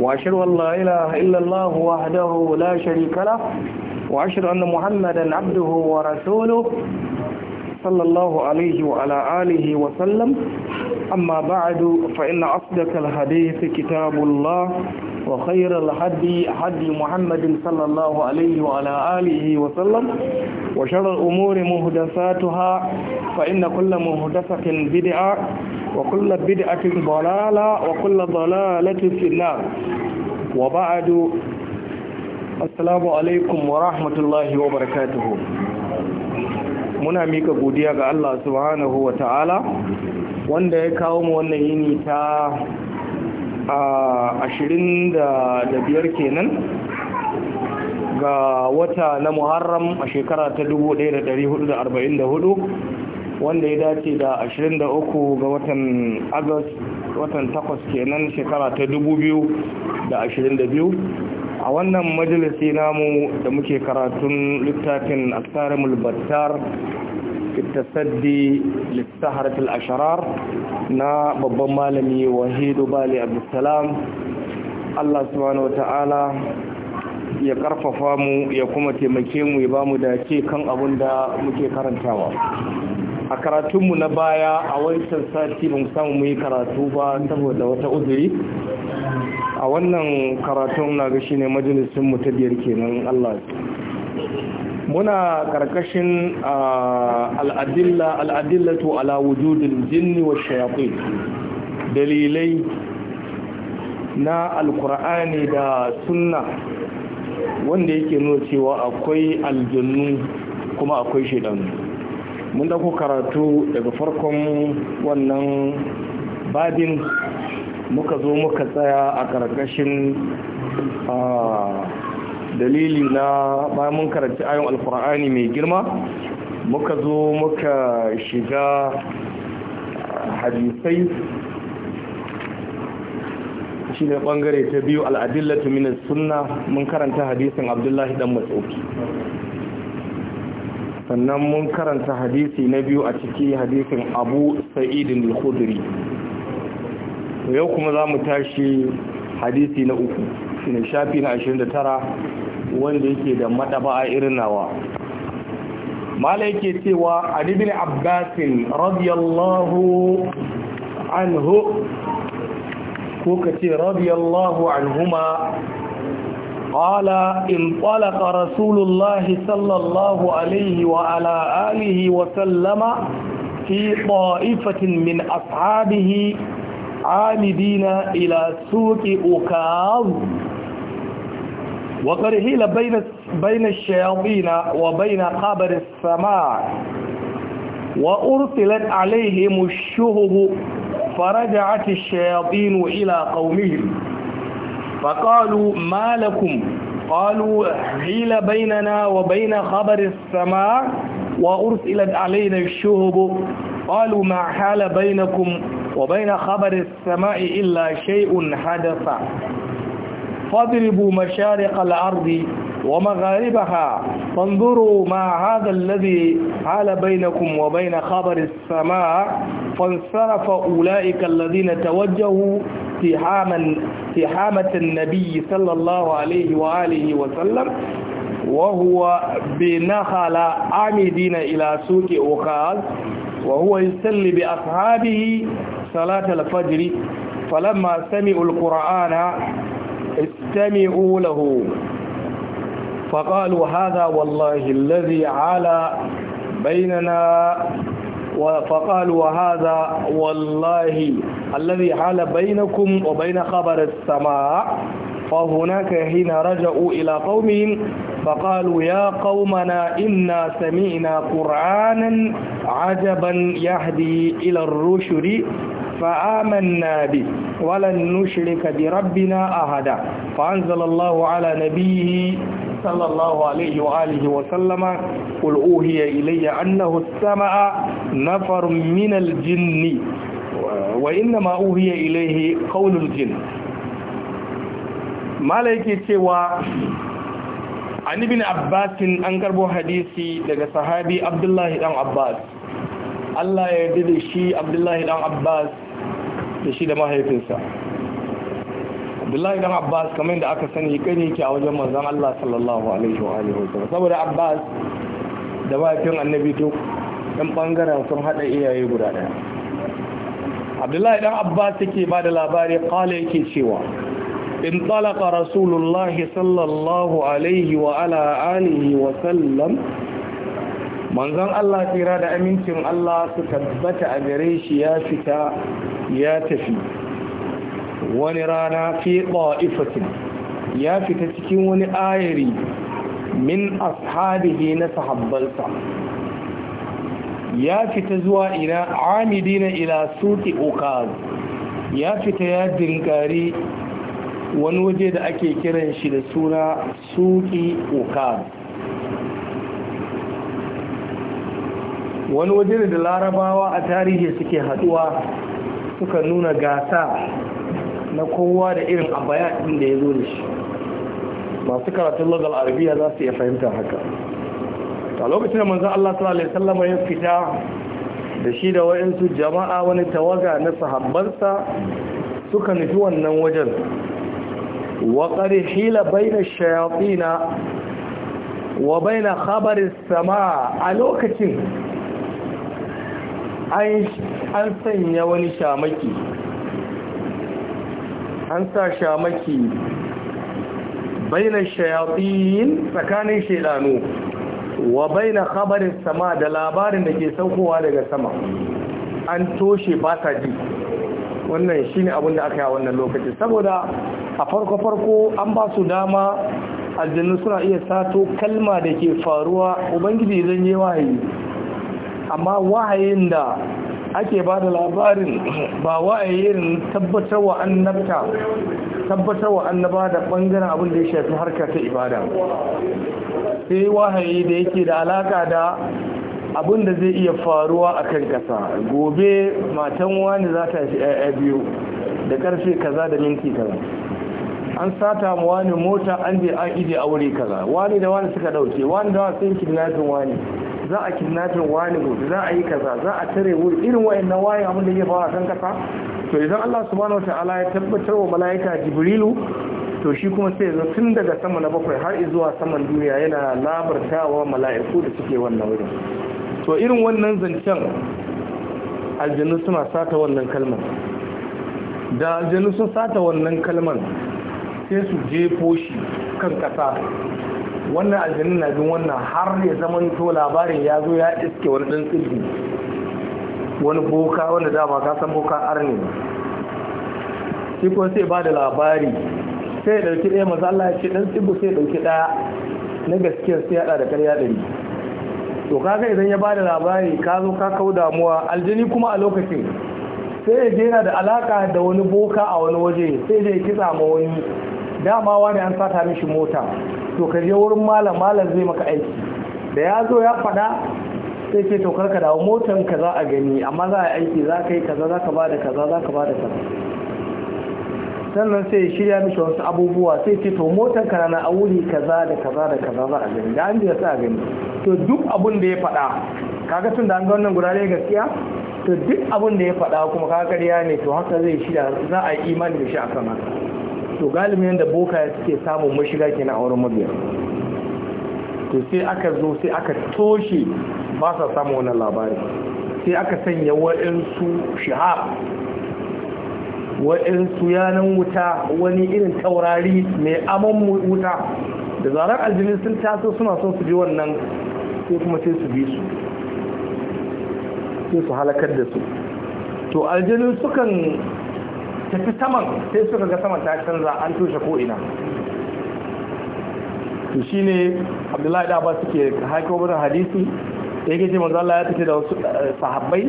وأشهد أن لا إله إلا الله وحده لا شريك له وأشهد أن محمدا عبده ورسوله صلى الله عليه وعلى آله وسلم أما بعد فإن أصدق الحديث كتاب الله وخير الهدي هدي محمد صلى الله عليه وعلى آله وسلم وشر الأمور مهدساتها فإن كل مهدسة بدعة وكل بدعة ضلالة وكل ضلالة في النار وبعد السلام عليكم ورحمة الله وبركاته muna mika godiya ga Allah subhanahu wa ta'ala wanda ya kawo mu wannan yini ta a25 kenan ga wata na muharram a shekara ta 1444 wanda ya dace da 23 ga watan agus watan takwas kenan shekara ta 2022 a wannan majalisi namu da muke karatun littafin aktarimul battar في التصدي للسهرة الأشرار نا بابا مالمي وحيد بالي عبد السلام الله سبحانه وتعالى ya karfafa mu ya kuma taimake mu ya ba mu dace kan abun da muke karantawa a karatunmu na baya a wancan sati ban samu mu yi karatu ba saboda wata uzuri a wannan karatun na ga shine majalisin mu ta biyar kenan Allah muna karkashin al'adilla al'adillatu ala wujudin jinni wa shayatin dalilai na alkur'ani da sunna wanda yake nuna cewa akwai aljannu kuma akwai shaidan mun dauko karatu daga farkon wannan babin muka zo muka tsaya a karkashin dalili na bayan mun karanta ayon alkur'ani mai girma muka zo muka shiga ah, hadisai shi ne bangare ta biyu al'adillatu min sunna mun karanta hadisin abdullahi dan mas'ud sannan mun karanta hadisi na biyu a ciki hadisin abu sa'idin al-khudri yau kuma za mu tashi hadisi na uku ne shafi na 29 wanda yake da a irin nawa mala yake cewa an ibn abbas radiyallahu anhu ko kace radiyallahu anhuma qala in talaqa rasulullah sallallahu alaihi wa ala alihi wa sallama fi ta'ifatin min ashabihi amidina ila suqi ukaz وقرهيل بين بين الشياطين وبين قبر السماء وأرسلت عليهم الشهب فرجعت الشياطين إلى قومهم فقالوا ما لكم قالوا حيل بيننا وبين خبر السماء وأرسلت علينا الشهب قالوا ما حال بينكم وبين خبر السماء إلا شيء حدث فاضربوا مشارق الأرض ومغاربها فانظروا ما هذا الذي حال بينكم وبين خبر السماء فانصرف أولئك الذين توجهوا تحاما تحامة النبي صلى الله عليه وآله وسلم وهو بنخل عامدين إلى سوق أخاذ وهو يسلي بأصحابه صلاة الفجر فلما سمعوا القرآن استمعوا له فقالوا هذا والله الذي على بيننا فقالوا وهذا والله الذي حال بينكم وبين خبر السماء فهناك حين رجعوا إلى قومهم فقالوا يا قومنا إنا سمعنا قرآنا عجبا يهدي إلى الرشد فآمنا به ولن نشرك بربنا أحدا فأنزل الله على نبيه صلى الله عليه وآله وسلم قل أوهي إلي أنه استمع نفر من الجن وإنما أوهي إليه قول الجن ما لك سوى عن ابن عباس أنكر حديثي لك صحابي عبد الله بن عباس Allah ya yarda da shi Abdullahi dan Abbas da shi da mahaifinsa abdullahi dan abbas kamar yadda aka sani kani yake a wajen manzon Allah sallallahu alaihi wa alihi wasallam saboda abbas da mahaifin annabi duk dan bangaren sun hada iyaye guda daya abdullahi dan abbas yake ba da labari ya yake cewa in talaka rasulullahi sallallahu alaihi wa ala alihi wa sallam manzon Allah tsira da amincin Allah su tabbata a gare shi ya fita ya tafi wani rana fi ɗa'ifatin ya fita cikin wani ayari min ashabihi na sahabbansa ya fita zuwa ina amidina ila suki ukaz ya fita ya dinkari wani waje da ake kiran shi da suna suki ukaz wani waje da larabawa a tarihi suke haduwa suka nuna gasa na kowa da irin a din da ya zo da shi masu karatun lagal arabiya za su iya fahimta haka a lokacin da manzan Allah sallallahu ya fita da shi da wayansu jama'a wani tawaga na sahabbansa suka nufi wannan wajen wa hila baina shayatina wa baina khabarin sama a lokacin an sanya wani shamaki an sa shamaki bainar shayatin tsakanin shaidanu wa bainar khabarin sama da labarin da ke saukowa daga sama an toshe ba ta ji wannan shi ne abinda aka yi a wannan lokaci saboda a farko-farko an ba su dama aljannu suna iya sato kalma da ke faruwa ubangiji zan yi wahayi amma wahayin da ake ba da labarin ba wa'ayin tabbatar wa annabta tabbatar wa annaba da ɓangaren abin da ya shafi harka ta ibada sai wahayi da yake da alaka da abin da zai iya faruwa a kan ƙasa gobe matan wani za ta fi ya'ya biyu da ƙarfe, kaza da minti kaza an sata mu wani mota an je an ije aure kaza wani da wani suka dauke wani da wani sun kidnapping wani za a kidnapping wani gobe za a yi kaza za a tare wuri irin wayan na wayan abin da ya fara kan kasa to idan Allah subhanahu wataala ya tabbatar wa malaika jibrilu to shi kuma sai zo tun daga sama na bakwai har zuwa saman duniya yana labartawa mala'iku da suke wannan wurin to irin wannan zancen aljannu suna sata wannan kalmar da aljannu sun sata wannan kalmar sai su jefo shi kan kasa wannan aljanin na bin wannan har ya zama to labarin ya zo ya iske wani ɗan tsibbi wani boka wanda dama ka san boka arni shi ko sai ba da labari sai ya ɗauki ɗaya maza Allah ya ce ɗan tsibbi sai ya ɗauki ɗaya na gaskiyar sai ya da ƙarya ɗari to kaga idan ya ba da labari ka zo ka kau damuwa aljini kuma a lokacin sai ya gina da alaka da wani boka a wani waje sai ya kisa ma wani dama wani an sata mishi mota to ka je wurin malam malam zai maka aiki da ya zo ya faɗa sai ce to karka dawo motan ka za a gani amma za a aiki za ka yi kaza za ka bada kaza za ka bada kaza sannan sai ya shirya mishi wasu abubuwa sai ce to motan ka na a wuri kaza da kaza da kaza za a gani da an biya sa gani to duk abun da ya faɗa kaga tun da an ga wannan guda ɗaya gaskiya to duk abun da ya faɗa kuma kaga ƙarya ne to haka zai shirya za a yi imani da shi a kan haka to galibin yadda boka ya suke samun mashiga kenan a wurin mabiya to sai aka zo sai aka toshe ba sa samun wannan labari sai aka sanya wa'insu shahab wa'insu yanan wuta wani irin taurari mai aman wuta da zarar aljini sun taso suna son su bi wannan sai kuma sai su bi su sai su halakar da su to aljini sukan tafi saman sai suka ga saman ta canza an toshe ko ina to shine abdullahi da ba suke haiko wani hadisi da yake ce manzo Allah ya tafi da wasu eh, sahabbai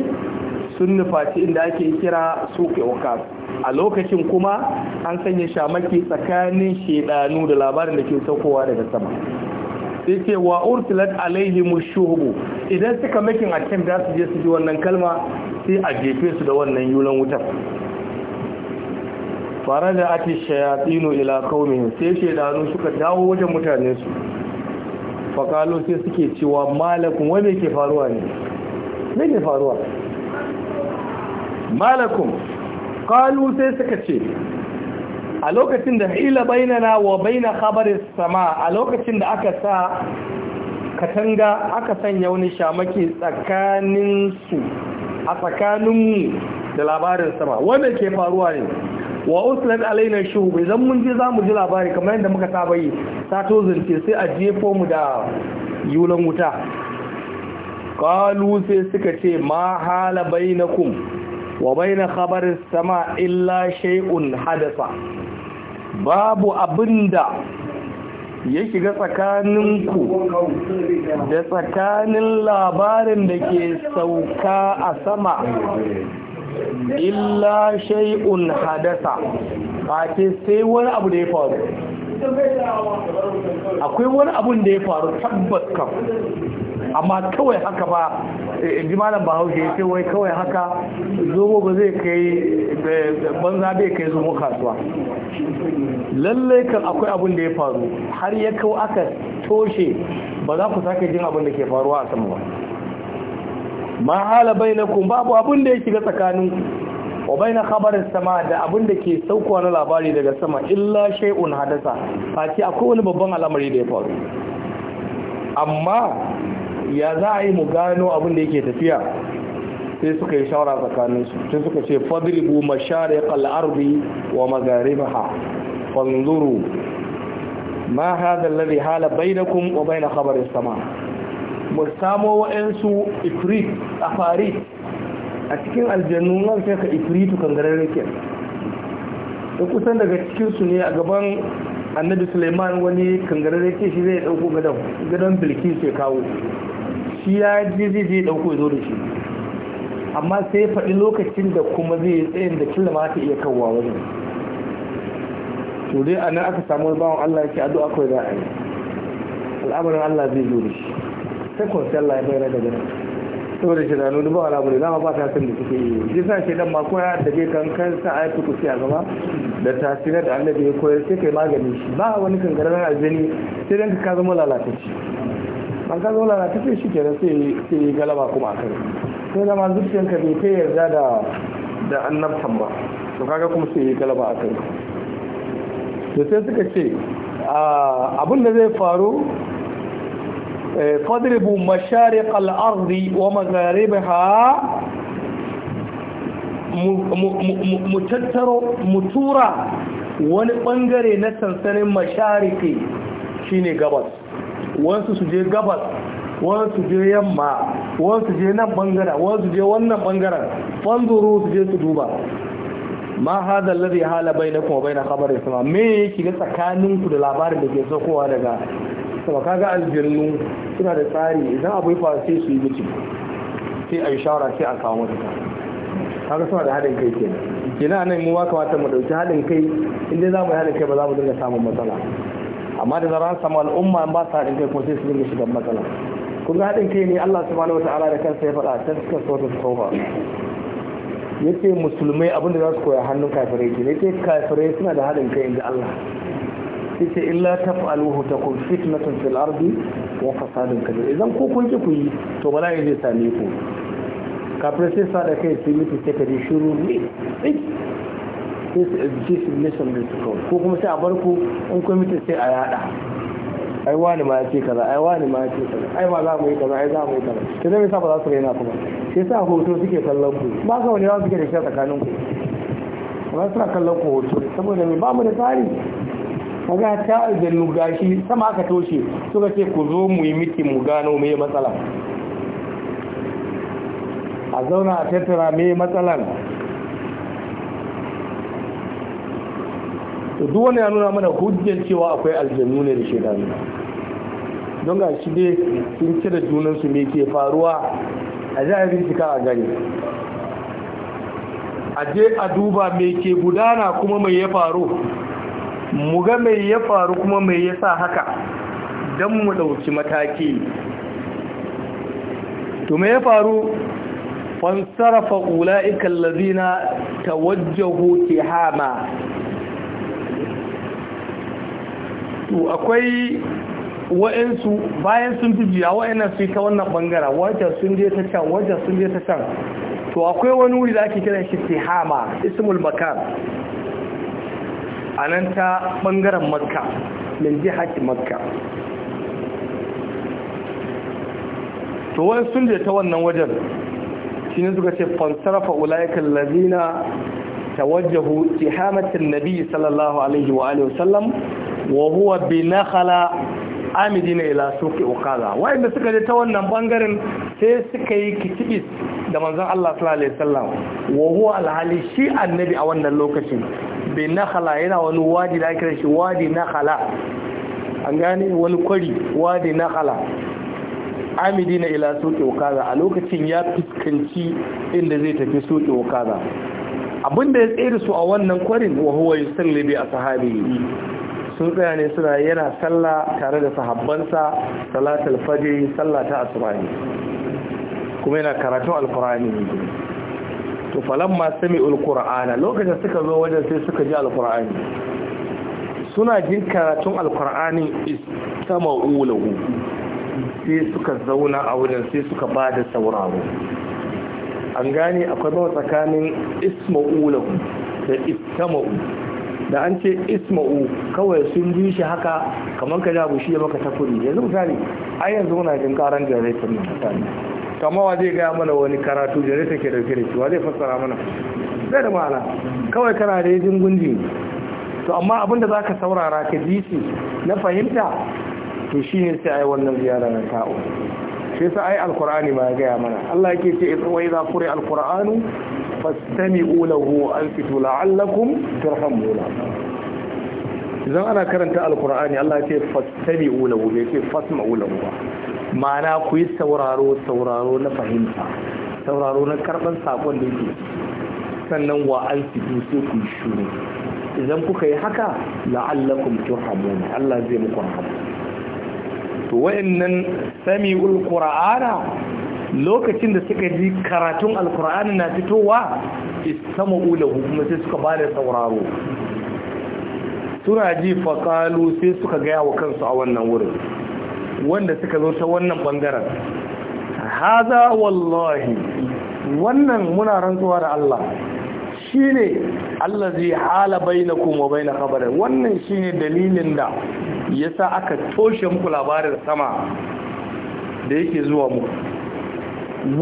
sun nufaci inda ake kira suke wakas a lokacin kuma an sanya shamaki tsakanin shedanu da labarin da ke saukowa daga sama sai ce wa urtilat alaihi shuhubu idan suka makin attempt za su je su ji wannan kalma sai a jefe su da wannan yulan wutar ake shayatsi no ila kaumihin sai shedanu suka dawo wajen mutane su fakalo sai suke cewa malakun wanda ke faruwa ne ne ke faruwa malakun kalu sai suka ce a lokacin da hila bainana wa baina khabarin sama a lokacin da aka sa katanga aka sanya wani shamaki tsakaninsu a tsakaninmu da labarin sama wanda ke faruwa ne wa uslat alaina shu bai zan mun je zamu ji labari kamar yadda muka saba yi sato zance sai a jefo mu da yulan wuta qalu sai suka ce ma hala bainakum wa baina khabaris sama illa shay'un hadasa babu abinda ya shiga tsakaninku da tsakanin labarin da ke sauka a sama illa shay'un hadasa fate sai wani abu da ya faru akwai wani abun da ya faru tabbas kam amma kawai haka ba eh, ji malam bahaushe ya ce wai kawai haka zomo ba zai kai eh, banza bai kai zomo kasuwa lallai kan akwai abun da ya faru har ya kawo aka toshe ba za ku sake jin abin da ke faruwa a sama ba ma hala bainakum babu abun da ya shiga tsakaninku wa baina khabarin sama da abun da ke saukowa na labari daga sama illa shay'un hadasa faki akwai wani babban al'amari da ya faru amma ya za a yi mu gano abin da yake tafiya sai suka yi shawara tsakaninsu sai suka ce fadribu mashariq al-ardi wa magharibaha fanzuru ma hada alladhi hala bainakum wa baina khabari sama mu samo wa'yansu ifrit a fari a cikin aljannu nan sai ka ifritu kangararre ke da kusan daga cikinsu ne a gaban annabi suleiman wani kangararre ke shi zai dauko gadon gadon bilkis ya kawo shi ya ji zai zai dauko ya zo da shi amma sai faɗi lokacin da kuma zai tsayin da kila ma ta iya kawo wajen to dai a nan aka samu bawan allah ya ce addu'a kawai za a yi al'amarin allah zai zo da shi sai Allah ya bayar da gani saboda shi da nuni ba wala bane dama ba ta san da suke yi shi sa shi dan ma koya da ke kan kan sa ayatu kusi a gaba da tasirar da annabi ya koyar sai kai magani shi ba wani na aljini sai dan ka zama lalatacce an ka zama lalatacce shi kenan sai sai galaba kuma a kai sai zama ma zuciyanka bai kai yarda da da annabtan ba to kaga kuma sai yi galaba a kai to sai suka ce ah, abin da zai faru Eh, fadribu mashariq al wa magharibaha mu tattaro mutura wani bangare na sansanin mashariki shine gabas wasu su je gabas wasu je yamma wasu je nan bangaren wasu je wannan bangaren fanzuru su je su duba ma hada alladhi hala bainakum wa bain khabari sama me yake tsakanin ku da labarin da ke kowa daga sama kaga aljannu suna da tsari idan abu ya sai su yi mutum sai a yi shawara sai a kawo mata kaga suna da haɗin kai kenan kenan nan mu ba kamata mu ɗauki haɗin kai inda za mu yi haɗin kai ba za mu dinga samun matsala amma da zaran samu al'umma ba su haɗin kai kuma sai su dinga shiga matsala kun ga haɗin kai ne Allah subhanahu ta'ala da kansa ya faɗa ta so ta tauba yace musulmai abinda za su koya hannun kafirai ke ne yace kafirai suna da haɗin kai inda Allah sai ce illa taf'aluhu kun fitnatun fil ardi wa fasadun kabir idan ko kun ki ku yi to bala'i zai same ku kafin sai sa da kai su yi sai ka ji shiru ne sai su ji su ne sun da ko kuma sai a bar ku in kun sai a yada ai wani ma ya ce kaza ai wani ma ya ce kaza ai ma za mu yi kaza ai za mu yi kaza to zai sa ba za su raina kuma sai sa hoto suke kallon ku ba ka wani yawon suke da shi a tsakanin ku ba suna kallon ku hoto saboda mai ba mu da tsari kaga ta aljannu gashi sama aka toshe suka ce ku zo mu yi miki mu gano mai matsala a zauna a tattara mai matsalan duk wani ya nuna mana hujjar cewa akwai aljannu ne da shekaru don ga shi dai sun da junansu me ke faruwa a za a bincika a gani a je a duba me ke gudana kuma mai ya faru mu ga mai ya faru kuma mai ya sa haka don mu ɗauki mataki to mai ya faru fansarafa ula'ikan lazina ta wajjahu ke hama to akwai wa'insu bayan sun fi jiya wa'ina su ta wannan bangara wajen sun je ta can wajen sun je ta can to akwai wani wuri da ake kiran shi ke hama ismul makar a nan ta ɓangaren makka min jihar makka to wani sun je ta wannan wajen shi ne suka ce fansarafa ula'ikan lazina ta wajahu tihamatin nabi sallallahu alaihi wa alihi wasallam wa huwa bi nakhala amidina ila wa'inda suka je ta wannan bangaren sai suka yi kitibis da manzon Allah sallallahu alaihi wasallam wa huwa alhali shi annabi a wannan lokacin bai yana wani wadi da ake shi wadi nakala an gane wani kwari wadi nakala amidi na ila soke a lokacin ya fuskanci inda zai tafi soke okaza abinda ya tsere su a wannan kwarin wa huwa yusalli a ashabihi sun tsaya ne suna yana sallah tare da sahabbansa salatul fajr sallah ta asirani kuma yana karatun alqur'ani to ma sami alqur'ana lokacin suka zo wajen sai suka ji alqur'ani suna jin karatun alqur'ani istama'u ulahu sai suka zauna a wajen sai suka bada sauraro an gane akwai bawa tsakanin isma ulahu da istama da an ce isma'u kawai sun ji shi haka kamar ka ja shi ya maka takuri yanzu misali ai yanzu muna jin karan ta mutane kama wa zai gaya mana wani karatu da take dauke da shi wa zai fassara mana zai da ma'ana kawai kana da yajin gundi to amma abinda za ka saurara ka ji shi na fahimta to shi ne sai ai wannan ziyara na ta'o shi sa ai alkur'ani ma ya gaya mana Allah yake ce wai za kure alkur'anu fastami'u lahu anfitu la'allakum turhamun idan ana karanta alkur'ani Allah ya ce fastami'u lahu bai ce fasma'u lahu ba ma'ana ku yi sauraro sauraro na fahimta sauraro na karɓar saƙon da yake sannan wa an fito sai ku shuru idan kuka yi haka la'allakum turhamuna Allah zai muku rahama to wayannan sami'ul qur'ana lokacin da suka ji karatun alqur'ani na fitowa istamu lahu kuma sai suka bada sauraro suna ji faqalu sai suka gaya wa kansu a wannan wurin wanda suka zo ta wannan bangaren haza wallahi wannan muna rantsuwa da Allah shine zai hala bainakum wa bain khabari wannan shine dalilin da yasa aka toshe muku labarin sama da yake zuwa mu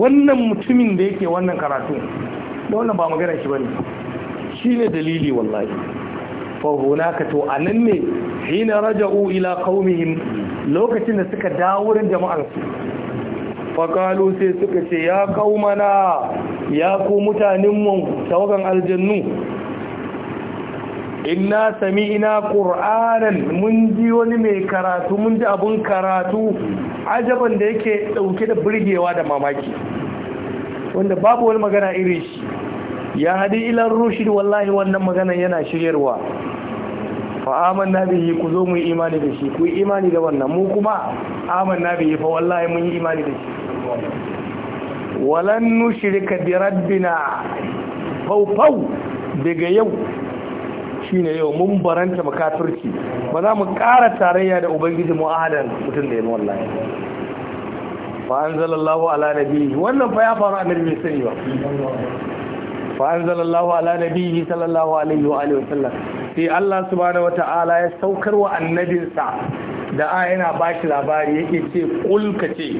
wannan mutumin da yake wannan karatu da wannan ba magana shi bane shine dalili wallahi fa hunaka to anan ne hina raja'u ila qaumihim lokacin da suka dawo wurin jama'ar su sai suka ce ya mana ya ku mutanen tawagan aljannu inna sami'na qur'anan mun ji wani mai karatu mun ji abun karatu ajaban da yake dauke da burgewa da mamaki wanda babu wani magana irin shi ya hadi ilan rushid wallahi wannan magana yana shiryarwa fa nabi yi ku zo mu yi imani da shi ku yi imani da wannan mu kuma nabi yi fa wallahi mun yi imani da shi walan nushrika bi rabbina fau fau daga yau shine yau mun baranta makafirci ba za mu ƙara tarayya da ubangiji mu ahadan mutum da yanzu wallahi fa anzalallahu ala nabiyhi wannan fa ya faru annabi bai sani ba fa anzalallahu ala nabiyhi sallallahu alaihi wa alihi wa sallam sai Allah subhanahu wata'ala ya saukar wa annabinsa da a yana baki labari yake ce kulka ce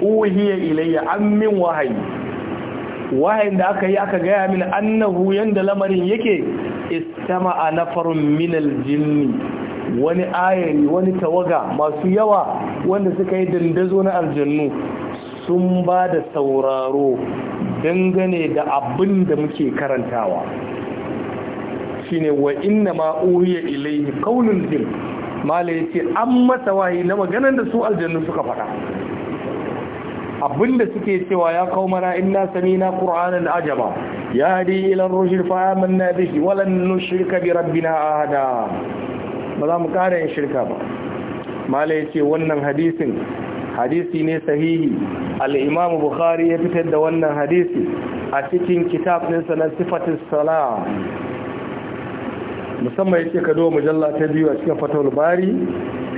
uhiya ilayya an min wahayi wahayin da aka yi aka gaya min annahu yanda lamarin yake istama'a nafarun minal jinni wani ayari wani tawaga masu yawa wanda suka yi dandazo na aljannu sun ba da sauraro dangane da abin da muke karantawa shine wa inna ma uhiya ilayhi qaulul jin mala yace an masa wahi na maganar da su aljannu suka faɗa abinda suke cewa ya mana inna samina qur'anan ajaba yahdi ila ar-rushd fa amanna bihi wa lan nushrika bi rabbina ahada ba za mu ƙara yin shirka ba yace wannan hadisin hadisi ne sahihi al-imam bukhari ya fitar da wannan hadisi a cikin kitab ɗinsa na sifatin sala musamman ce ka duba mujalla ta biyu a cikin fatawar bari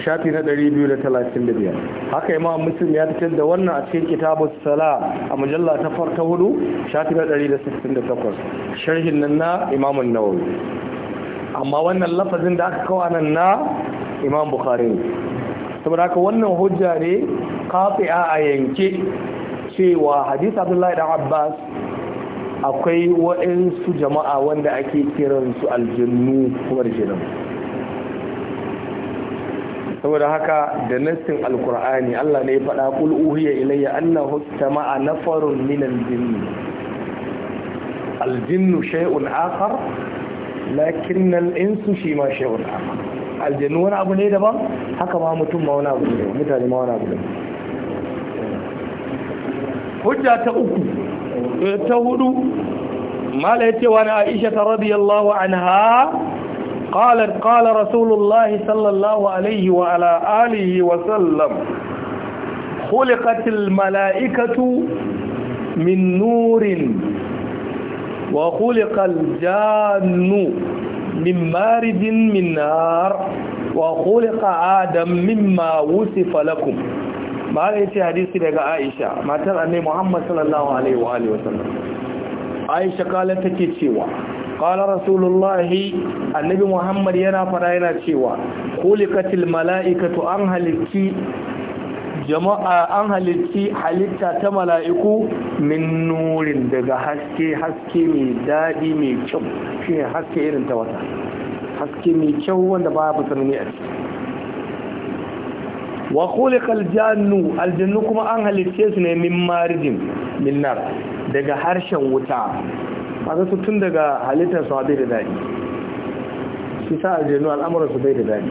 shafi na 235 haka imam musulun ya fitar da wannan a cikin kitabun sala a mujalla ta farta hudu shafi na 168 sharhin nan na imamun nawawi amma wannan lafazin da aka kawo nan na imam bukhari saboda haka wannan hujja ne kafi'a a yanke cewa hadith abdullahi da abbas akwai waɗansu jama'a wanda ake kiransu aljannu kuma da saboda haka da nassin alkur'ani allah ne ya faɗa kul uhiya ilayya annahu sama'a nafarun min aljinn aljinn shay'un akhar lakin al-insu shi ma shay'un akhar aljinnu wani abu ne daban haka ma mutum ma wani abu ne mutane ma wani abu ne hujja ta uku تهدو ما لأتي وانا عائشة رضي الله عنها قال قال رسول الله صلى الله عليه وعلى آله وسلم خلقت الملائكة من نور وخلق الجان من مارد من نار وخلق آدم مما وصف لكم ba a ce hadisi daga aisha matar annai muhammad sallallahu alaihi wa alihi wasallam aisha kala take cewa kala rasulullahi annabi muhammad yana fara yana cewa kulikatil mala'ikatu an halitti jama'a an halitti halitta ta mala'iku min nurin daga haske haske mai dadi mai kyau shine haske irin ta wata haske mai kyau wanda ya fitar ne a ciki wa khuliqal jannu aljannu kuma an halicce su ne min marijin min nar daga harshen wuta Masu su tun daga halittar su bai da dadi shi sa aljannu al'amuran su bai da dadi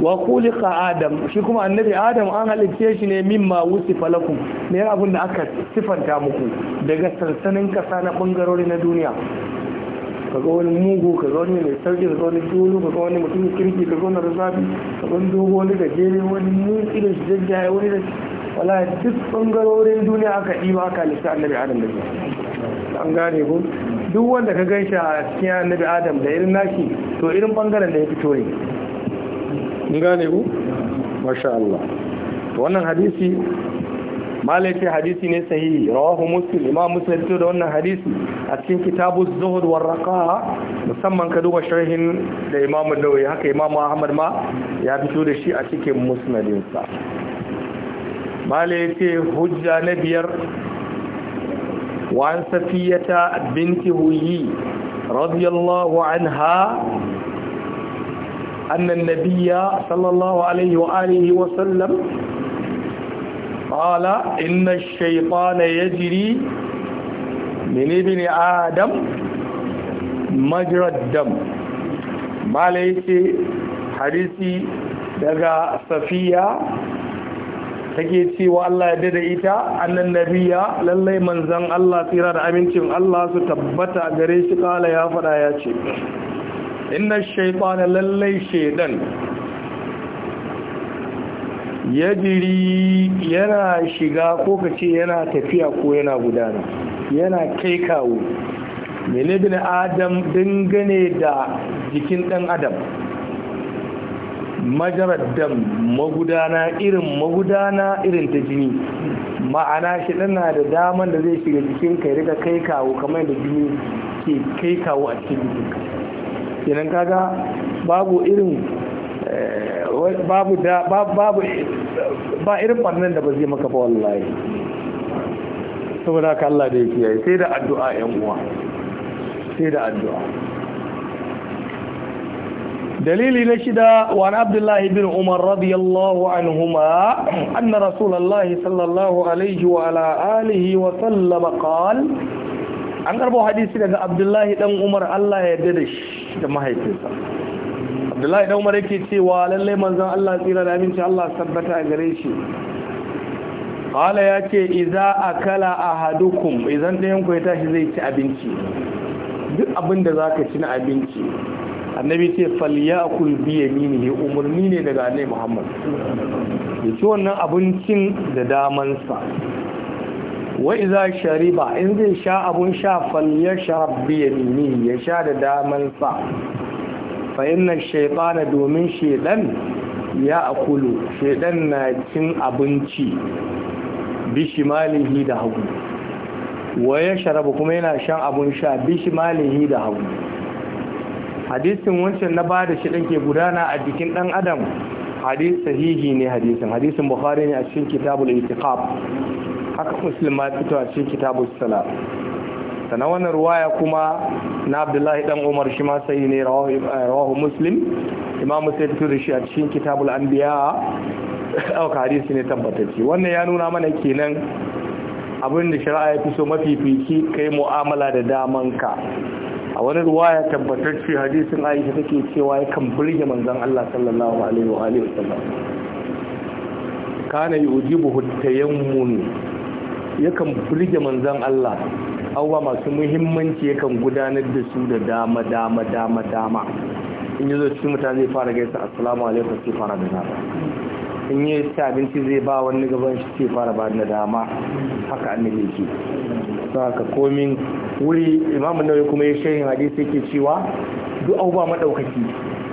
wa khuliqa adam shi kuma annabi adam an halicce shi ne min ma wusifa lakum ne abin da aka sifanta muku daga sansanin kasa na bangarori na duniya ka ga wani mugu ka ga wani mai sauki ka ga wani dolo ka ga wani mutumin kirki ka ga wani razabi ka ga wani dogo wani gajere wani mun da shi jajjaye wani da wala duk bangarorin duniya aka ɗiba aka lissa annabi adam da shi an gane ko duk wanda ka gan shi a cikin annabi adam da irin nashi to irin bangaren da ya fito ne an gane ko masha Allah wannan hadisi malai hadisi ne sahihi rawahu muslim imam muslim to da wannan hadisi a cikin kitabu zuhud war raqa musamman ka duba sharhin da imam an-nawawi haka imam ahmad ma ya fito da shi a cikin musnadin sa malai yace hujja na biyar وعن binti بنت radiyallahu رضي الله عنها أن النبي صلى الله عليه وآله وسلم qala inna ash ya jiri min ibni adam majrad dam mala yace hadisi daga safiya take cewa Allah ya dada ita annan nabiya lallai manzan Allah tsira da amincin Allah su tabbata gare shi kala ya fada ya ce inna shaytana lallai shaydan yajiri yana shiga ko kace yana tafiya ko yana gudana yana kai kawo menebin adam dangane da jikin dan adam majarar dam magudana irin magudana irin ta jini ma'ana shi na da daman da zai shiga jikin kai rika kai kawo kamar da jini ke kai kawo a cikin jikin kenan kaga babu irin eh, babu da babu ba irin barnan da ba zai maka ba wallahi saboda ka Allah da yake yayi sai da addu'a yan uwa sai da addu'a dalili na shida wa an abdullahi bin umar radiyallahu anhuma anna rasulullahi sallallahu alaihi wa ala alihi wa sallam qa'al, an garbo hadisi daga abdullahi dan umar Allah ya yarda da shi da mahaifinsa Abdullahi dan Umar yake cewa lalle manzon Allah tsira da aminci Allah sabbata a gare shi qala yace idza akala ahadukum idan dayan ku ya tashi zai ci abinci duk abin da zaka ci na abinci annabi ce falyakul bi yaminihi umurni ne daga annabi Muhammad ya ci wannan abincin da sa wa idza shariba in zai sha abun sha falyashrab bi yaminihi ya sha da daman sa. fa'innan shaitana domin shaidan ya Kulu. shaidan na cin abinci bishi, malihi da hagu waye sharabu kuma yana shan abun sha bishi, malihi da hagu hadisin wancan na ba da shi ke gudana a jikin ɗan adam hadis sahihi ne hadisin hadisin bukhari ne a cikin kitabul itiqab haka muslim ma fito a cikin kitabus salat sannan wannan ruwaya kuma na abdullahi dan umar shi ma sai ne rawahu eh, muslim imamu sai fito da shi a cikin kitabul anbiya ɗauka hadisi ne tabbatacce wannan ya nuna mana kenan abin da shari'a ya fi so fiki kai mu'amala da daman ka. a wani ruwaya tabbatacce hadisin aisha take cewa ya kan burge manzon Allah sallallahu alaihi wa alihi wasallam kana yujibu ya yakan burge manzon Allah abubuwa masu muhimmanci yakan gudanar da su da dama dama dama dama in yi zo cikin mutane zai fara gaisa assalamu alaikum sai fara da dama in yi ci abinci zai ba wani gaban shi sai fara ba da dama haka annabi yake saka komin wuri imamu nawawi kuma ya shayin hadisi yake cewa duk abubuwa madaukaki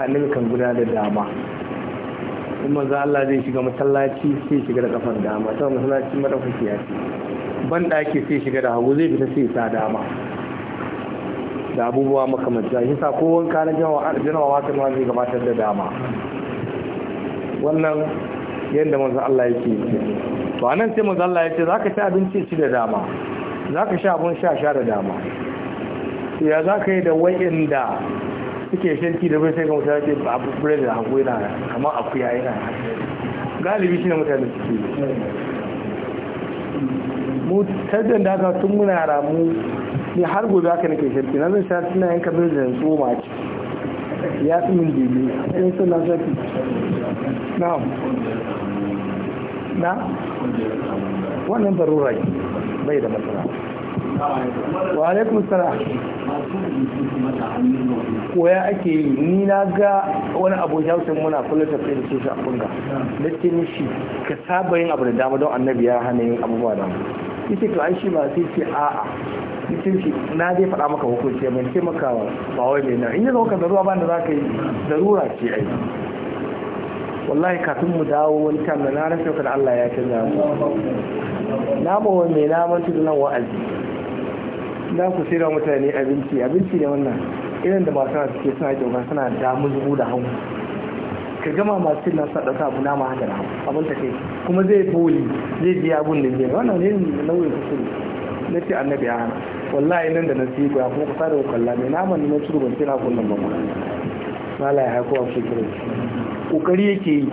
annabi kan gudanar da dama in manzo Allah zai shiga masallaci sai shiga da kafar dama ta masallaci madaukaki ya ce ban ake sai shiga da hagu zai fita sai sa dama da abubuwa makamanta shi sa ko wanka na janawa wata ma zai gabatar da dama wannan yadda manzo Allah yake yi to anan sai manzo Allah yace zaka ci abinci ci da dama zaka sha abun sha sha da dama to ya zaka yi da wayanda suke shanti da bai sai ga mutane ce abu bread da hagu yana kamar akuya yana galibi shi ne mutane suke mu tarbiyyar da haka tun muna yara mu ne har gobe haka nake shirki na zan sha na yanka bai da so ma ci ya fi min dele sai sun na zafi na na wannan barura bai da matsala wa alaikun sana koya ake yi ni na ga wani abokin hausin muna kula tafiya da shi a kunga da ke nishi ka saba yin abu da dama don annabi ya hana yin abubuwa da mu yace to ai shi ba sai ce a'a yace shi na zai faɗa maka hukunci mai taimakawa ba wai mai na in yanzu ka zaruwa ba da za ka yi zarura ce ai wallahi kafin mu dawo wani kan da na rasa kan Allah ya canza mu na ba wani mai naman tudu nan wa'azi na ku sai da mutane abinci abinci ne wannan irin da masu na suke suna jauka suna damu zubu da hannu ka gama masu cin nasa ɗauka abu nama haka da abin ta kai kuma zai foli zai biya abun da biya wannan ne nau'in kusuri na ce annabi a hana wallahi nan da na siya ya kuma kusa da kalla mai naman na ciro ban tira kullum ba mala ya haiku a shekaru kokari yake yi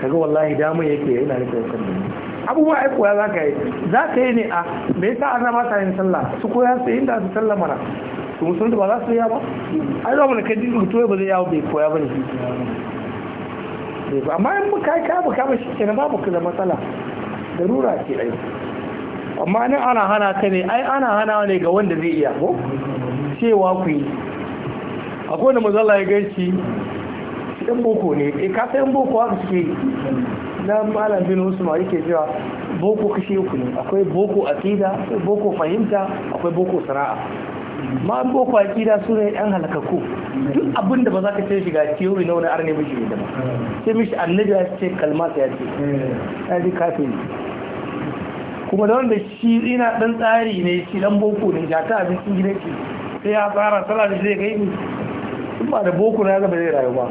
kaga wallahi damar yake yana rike wakan da abubuwa ai koya za ka yi za ka yi ne a mai sa an ba ta yin sallah su koya su inda su sallah mana su musulunta ba za su yi ba ai zama mu da kai duk mutuwa ba zai yawo bai koya ba ne sai ba amma in muka ka buka ba shi kenan babu ku da matsala darura ce ai amma ni ana hana ka ne ai ana hana ne ga wanda zai iya ko cewa ku yi akwai da mazala ya ganci ɗan boko ne e ka san boko haka suke na malam bin usman yake cewa boko kashi uku ne akwai boko aqida akwai boko fahimta akwai boko sana'a ma boko aqida su ne ɗan halakakku duk abin da ba za ka ce shiga ciwo na wani arne mishi ne da ba sai mishi annabi ya ce kalma ya ce eh. ya ji kafin kuma da wanda shi ina dan tsari ne shi dan boko ne ga ta abincin gidan ce sai ya tsara tsara da zai kai ni ba da boko na gaba zai rayu ba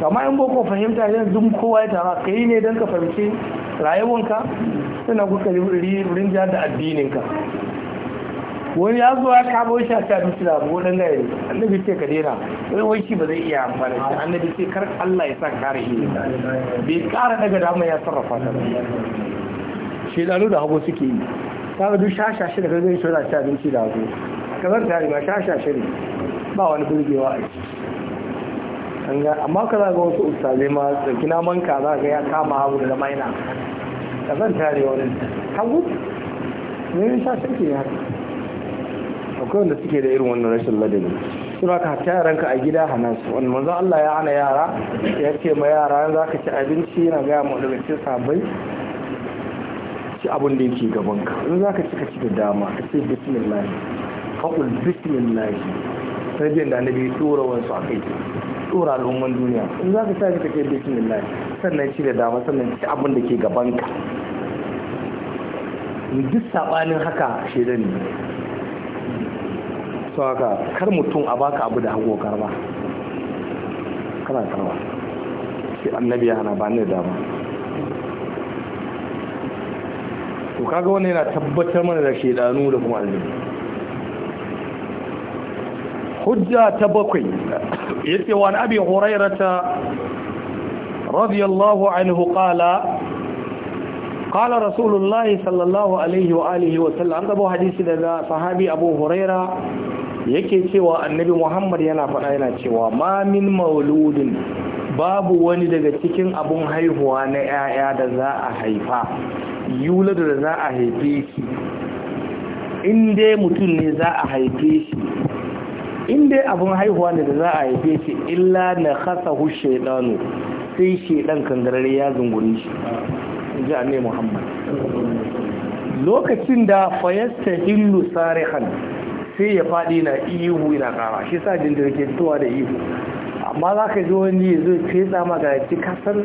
kama yan boko fahimta yanzu kowa ya tara kai ne don ka fahimci rayuwanka suna kuka rinja da addininka wani ya zo ya kamo shi a ta abinci da abu wani yi annabi ce ka daina wani wani shi ba zai iya amfani shi annabi ce kar Allah ya sa kare shi bai kara daga dama ya sarrafa ta ba shedanu da hagu suke yi ta ga duk shashashe da gaggai shi wani ta abinci da hagu kazan ta riga shashashe ne ba wani burgewa a ciki amma ka za ga wasu ustazai ma tsaki na manka za ga ya kama hagu da maina ka zan tare wani hagu ne sha ke ne haka akwai wanda suke da irin wannan rashin ladabi suna ka hatta yaranka a gida hana su wani manzo Allah ya hana yara ya ce ma yara za ka ci abinci yana gaya mu daga ce sabai ci abin da yake gaban ka in za ka ci ka ci da dama ka ce bismillah faɗin bismillah biyan da annabi tura wasu a kai tura al'umman duniya in za ka tashi ka ce bismillah sannan ci da dama sannan ci abin da ke gaban ka duk sabanin haka shedan ne sauka kar mutum a baka abu da hagu karba kana karba sai annabi ya hana ba ni da dama to kaga wannan yana tabbatar mana da shedanu da kuma aljanu hujja ta bakwai ya yace wa abin hurairata radiyallahu anhu qala qala rasulullahi sallallahu alaihi wa alihi wa sallam an gabo hadisi daga sahabi abu huraira yake cewa annabi muhammad yana faɗa yana cewa ma min mauludin babu wani daga cikin abun haihuwa na 'ya'ya da za a haifa yuladu da za a haife shi inda mutum ne za a haife shi inda abun haihuwa ne da za a haife shi illa na hushe shaidanu sai shaidan kangarare ya zunguri shi inji annabi muhammad lokacin da fayasta illu sarihan sai ya faɗi na ihu yana ƙara shi sa jin da tuwa da ihu amma za ka ji wani ya zai fesa maka da ci kasar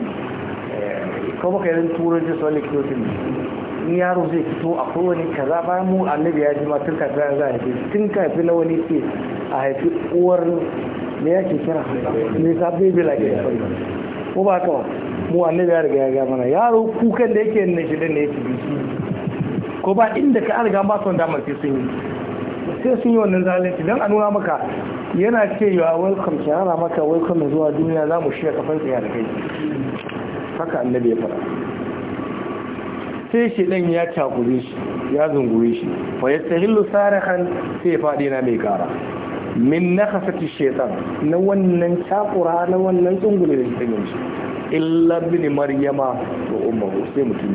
kuma ka eh, yi turanci su wani kilotin in yaro zai fito a kowane kaza ba mu annabi ya ji ma tun kafin za a haifi tun kafin na wani ce a haifi uwar me ke kira me sa baby like ya ko ba ka mu annabi ya riga ya ga mana yaro kukan da yake nan shi da ne yake ko ba inda ka an ba son damar fi sun yi sai sun yi wannan zalunci don a nuna maka yana a welcome ki hana maka welcome zuwa duniya za mu shirya kafan tsaye da kai haka annabi ya fara sai shi dan ya cakuri shi ya zunguri shi fa yastahillu sarahan sai fadi na mai kara min nakasati shetan na wannan cakura na wannan tsungule da shi shi illa bin maryama da ummuhu sai mutum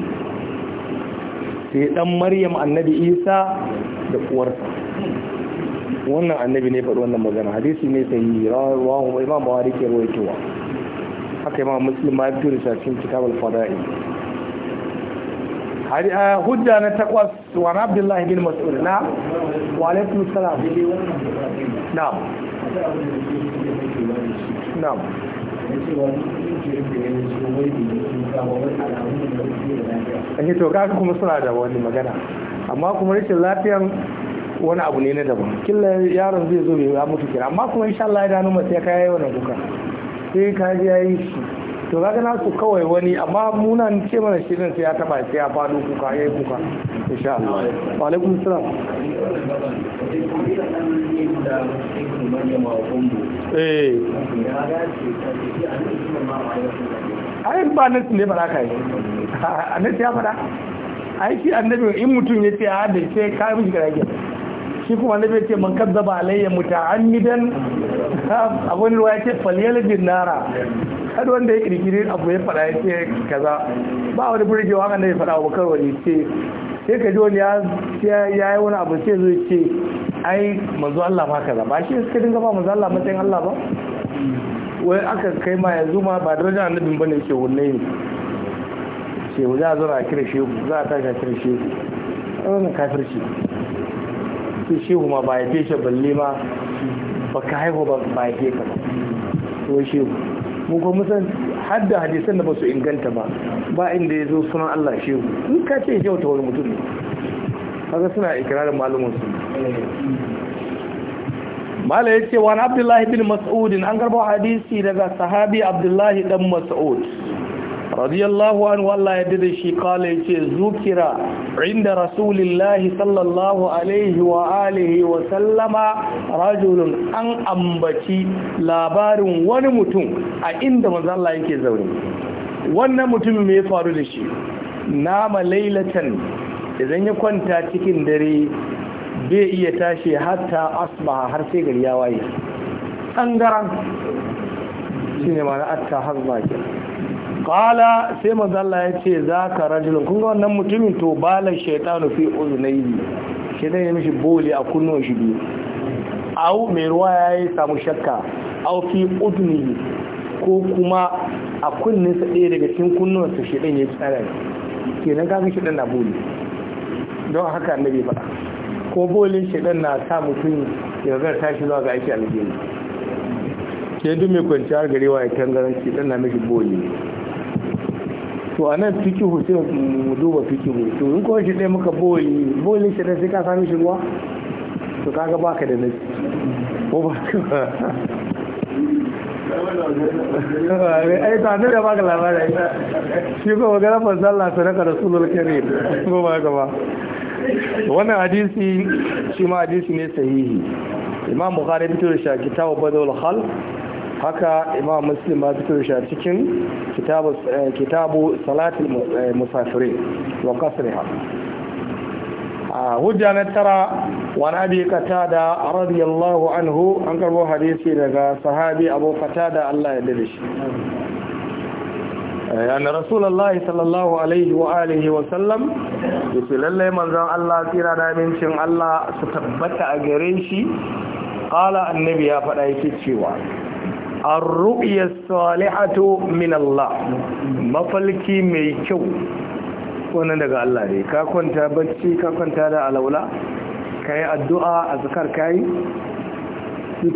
sai dan maryam annabi isa da uwarsa wannan annabi ne faɗi wannan magana hadisi ne sai rawahu imam buhari ke rawaitowa haka imam muslim ma fi risacin kitab al-fada'i ah, hujja na takwas wa abdullahi bin mas'ud na wa alaikum salam na'am na'am yi eh, to kuma suna da wani magana amma kuma rashin lafiyan wani abu ne na daban killa yaron zai zo ya mutu kira amma kuma insha Allah idan dano sai ya kai wannan kuka sai ka ji yayi shi to kaga na su kawai wani amma munan ce mana shirin sai ya taba sai ya fado kuka yayi kuka insha Allah wa alaikum salam eh ai ba ne ne ba ka yi a nan ya fada shi annabi in mutum ya ce a ah, da ce ka mishi gara kenan shi kuma na ce man kazzaba alayya muta'ammidan abun ruwa ya ce falyalbin nara har wanda ya kirkiri abu ya fada ya ce kaza ba wani burgewa kan da ya fada abu kawai ne ce sai ka ji wani ya yi wani abu sai zo ce ai manzo Allah ma kaza ba shi suka dinga ba manzo Allah matsayin Allah ba wai aka kai ma yanzu ma ba daraja annabin bane ke wanne ne ce za a zo kira shehu za a tashi a kira shehu wannan kafirci shehu ma ba ya fe shi balle ma ba ka haihu ba ba ya fe ka ba to shehu mu kuma san hadda hadisan da ba su inganta ba ba inda ya zo sunan Allah shehu in ka ce shehu ta wani mutum kaga suna ikirarin malumin su mala ya ce wani abdullahi bin mas'udin an garba hadisi daga sahabi abdullahi dan mas'ud radiyallahu anhu Allah ya dade shi kala yace zukira inda rasulillahi sallallahu alaihi wa alihi wa sallama rajulun an ambaci labarin wani mutum a inda manzo Allah yake zaune wannan mutum me ya faru da shi nama lailatan idan ya kwanta cikin dare bai iya tashi hatta asbaha har sai gari ya waye tsangaran shine ma'ana na atta hazma kenan kala sai mazalla ya ce za ka rajulun kun ga wannan mutumin to balar shaitanu fi uznayhi shedan ya mishi boli a kunnuwan shi biyu au mai ruwa yi samu shakka au fi udnihi ko kuma a kunninsa ɗaya daga cikin kunnuwansa shedan ya tsara kenan shi shedan na boli don haka bai faɗa ko bolin shedan na sa mutum ya ga tashi zuwa ga aiki alheri ke duk mai kwanciyar garewa ya tangaranci Ɗan na mishi boli to a nan fikihu sai mu duba fikihu to in kuma shi ɗaya muka boli boli shi ɗaya sai ka sami shi ruwa to kaga baka da nasi ko ba ai ta ne da baka labarai shi ko magana fa sallah ka rasulul karim ko ba ka ba wannan hadisi shi ma hadisi ne sahihi imam bukhari fito shakita shi kitabu badal khalq haka imam muslim ba su shi cikin kitabu eh, salatin eh, musafirin wa kasriha hujja na tara wa nabi qatada radiyallahu anhu an karbo hadisi daga sahabi abu da Allah ya dade shi yana eh, rasulullahi sallallahu alaihi wa alihi wa sallam yake lallai manzon Allah tsira da amincin Allah su tabbata a gare shi qala annabi ya faɗa yake cewa ar-ru'ya salihatu min Allah mafalki mai kyau wannan daga Allah ne ka kwanta bacci ka kwanta da alaula kai addu'a azkar kai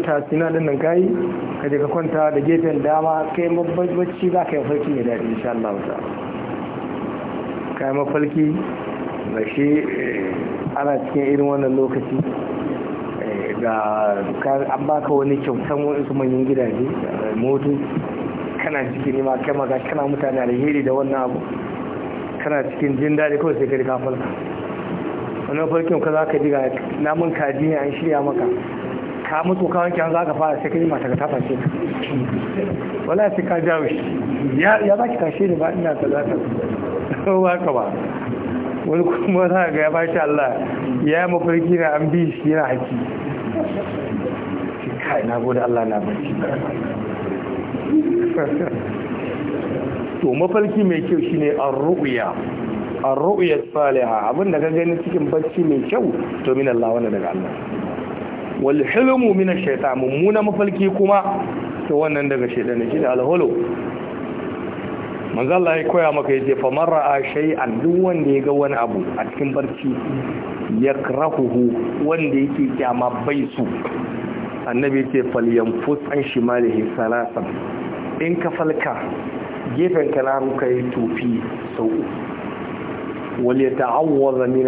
tasina din nan kai ka je ka kwanta da gefen dama kai bacci za ka yi mafarki mai daɗi insha Allah ta kai mafalki da shi eh, ana cikin irin wannan lokaci ga an baka wani kyautan wasu manyan gidaje motu kana cikin nima kai maka kana mutane alheri da wannan abu kana cikin jin daɗi kawai sai kai ka farka wannan farkin ka za ka ji ga namun kaji ne an shirya maka ka mutu ka wanke an za ka fara sai kai mata ka tafa ce wala sai ka jawo shi ya za ki tashe ni ba ina ta za ta ba ka ba wani kuma za ga ya bashi Allah ya yi mafarki na an bi shi yana haki kai na gode Allah na barci to mafarki mai kyau shine ar-ru'ya ar-ru'ya salihah abinda da ka gani cikin barci mai kyau to min Allah wannan daga Allah wal hilmu min ash-shaytan mummuna mafarki kuma to wannan daga shaytan ne al-hulu manzo Allah ya koya maka yace fa man ra'a shay'an duk wanda ya ga wani abu a cikin barci yakrahuhu wanda yake kyama bai su annabi ce fus an shimalihi salasan in ka falka gefen ka na ruka yi tofi sau wale ta ya ta'awwaza min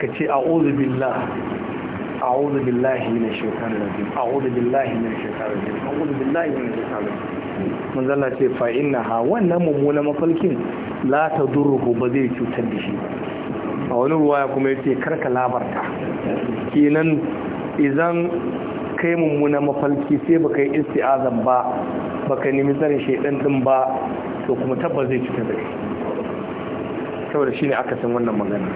ka ce ozu billah a'udhu billahi min ash-shaytani rajim a'udhu billahi min ash-shaytani rajim a'udhu billahi min ash da rajim mun zalla ce na innaha wannan mummunan mafalkin la tadurruhu ba zai cutar da shi ba a wani ya kuma yace karka labarta kenan izan kai mummuna mafalki sai baka yi isti'azan ba baka nemi zarin shaidan din ba to kuma tabbas zai cutar da kai saboda shine aka san wannan magana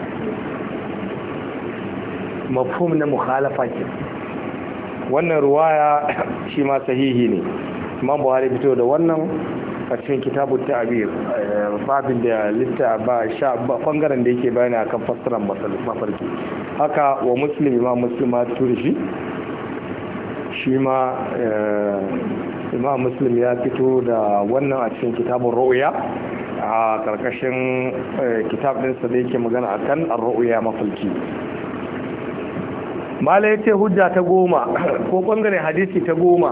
mafhum na mukhalafa ke wannan ruwaya shi ma sahihi ne imam buhari fito da wannan a cikin kitabun ta'abir babin da litta ba sha ba bangaren da yake bayani akan fassaran mafarki haka wa muslim imam muslima turishi shi ma eh, imam muslim ya fito da wannan a cikin kitabun ra'uya a karkashin eh, kitab ɗinsa da yake magana akan ar rauya mafalki mala ya ce hujja ta goma ko bangare hadisi ta goma